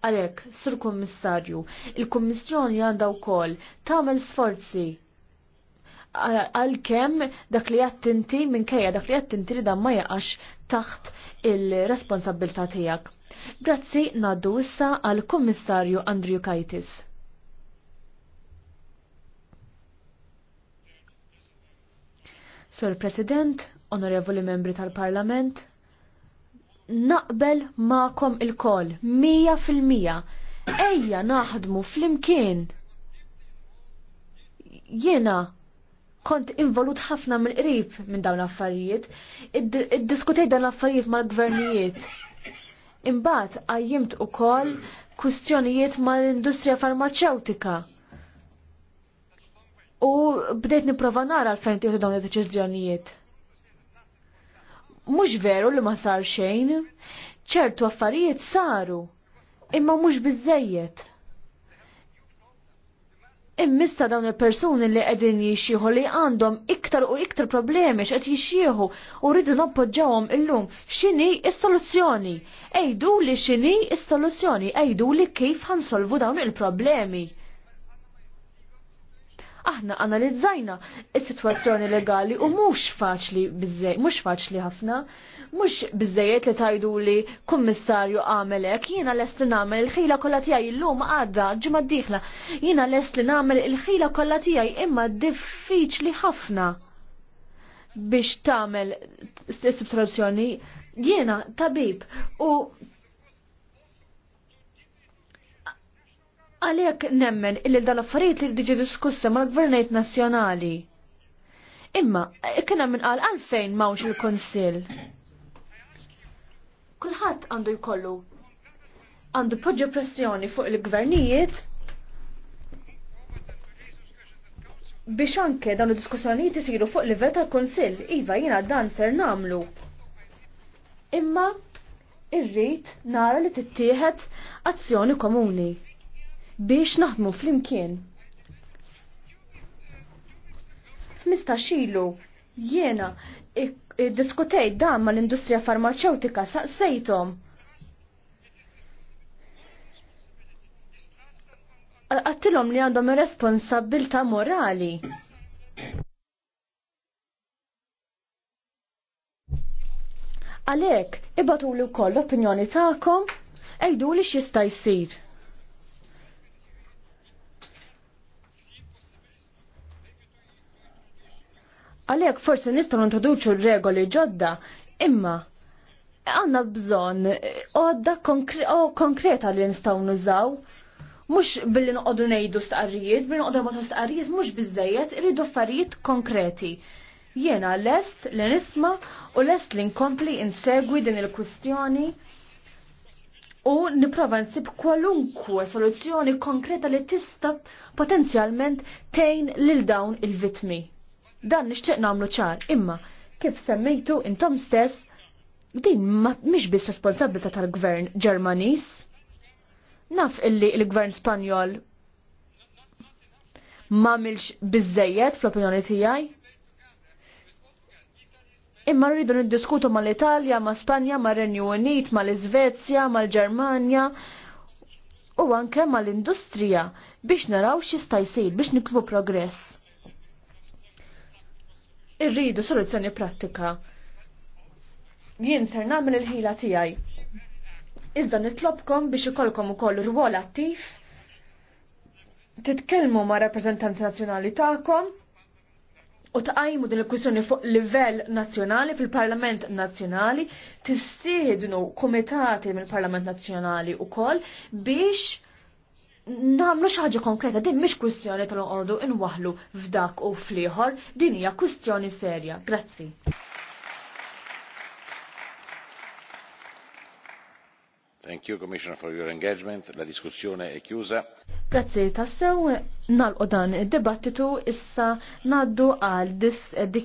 Għalhekk, Sur Kummissarju, il-Kummissjoni għandha wkoll tagħmel sforzi għal-kem dak li jattinti minn kajja, dak li jattinti li dan ma jaqax taħt il-responsabilta tijak. Grazzi naddu issa għal-Kummissarju Andrew Kaitis. Sur President, onorevoli membri tal-Parlament, naqbel ma'kom il-kol, mija fil-mija. Ejja naħdmu fl-imkien. Jena kont involut ħafna mill qrib minn dawn l-affarijiet, id-diskutej dawn l-affarijiet mal-gvernijiet. Imbagħad għajjimt ukoll kwistjonijiet mal-industrija farmaceutika. U bdejt nipprova nara l-fejn tieħdu dawn id-deċiżjonijiet. Mhux veru li ma sar xejn, ċertu affarijiet saru, imma mhux bizzejiet immista dawn il-persuni li qegħdin jixieħu li għandhom iktar u iktar problemi x'qed jixieħu u rridu noppoġġawhom illum x'inhi s-soluzzjoni. Ejdu li x'inhi s-soluzzjoni, ejdu li kif ħansolvu dawn il-problemi aħna analizzajna is-sitwazzjoni legali u mhux faċli biżej, mhux faċli ħafna, mhux biżejjed li tajdu li kummissarju għamel hekk, jiena lest li nagħmel il-ħila kollha tiegħi llum għadda ġimgħa d-dieħla, jiena lest li nagħmel il-ħila kollha tiegħi imma diffiċli ħafna biex tagħmel soluzzjoni jiena tabib u Għalhekk nemmen illi dal-affarijiet li diġi ma mal-gvernijiet nazzjonali. Imma, kien hemm qal għalfejn mawx il-Kunsill. Kulħadd għandu jkollu għandu poġġa pressjoni fuq il-gvernijiet biex anke dawn id-diskussjonijiet isiru fuq livell tal-Kunsill, iva jiena dan ser namlu. Imma irrid nara li tittieħed azzjoni komuni biex naħdmu flimkien. 15 ilu jiena diskutejt dan mal-industrija farmaceutika saqsejtom. Għattilom li għandhom responsabilta morali. Għalek, ibatu li wkoll l-opinjoni ta'kom, ejdu li jista' jsir. Għalhekk forsi nistgħu introduċu regoli ġodda, imma għandna bżonn eh, għodda konkreta li nistgħu nużaw. Mhux billi noqogħdu ngħidu stqarrijiet, billi noqogħdu nagħmlu stqarrijiet mhux biżejjed, iridu affarijiet konkreti. Jiena lest li nisma' u lest li nkompli insegwi din il-kwistjoni u nipprova nsib kwalunkwe soluzzjoni konkreta li tista' potenzjalment tejn lil dawn il-vitmi. Dan nixtieq nagħmlu ċar, imma kif semmejtu intom stess din mhix biss responsabilità tal-Gvern Ġermaniż. Naf illi l-Gvern Spanjol ma milx biżejjed fl-opinjoni tiegħi. Imma rridu niddiskutu mal-Italja, ma' Spanja, ma' Renju Unit, mal-Iżvezja, mal-Ġermanja u anke mal-industrija biex naraw x'jista' jsir biex niksbu progress irridu soluzzjoni prattika. Jien ser nagħmel il-ħila tiegħi. Iżda nitlobkom biex ikolkom ukoll rwol attiv, titkellmu ma' rappreżentanti nazzjonali tagħkom u tqajmu din il-kwissjoni fuq livell nazzjonali fil-Parlament Nazzjonali, tissiednu kumitati mill-Parlament Nazzjonali ukoll biex namlu xaġa konkreta, din mhix kwistjoni tal-qogħdu inwaħlu f'dak u fliħor, din hija kustjoni serja. Grazzi. Thank you, Commissioner, for your engagement. La diskussjoni è chiusa. Grazzi tassew, nal dan id-dibattitu issa naddu għal dis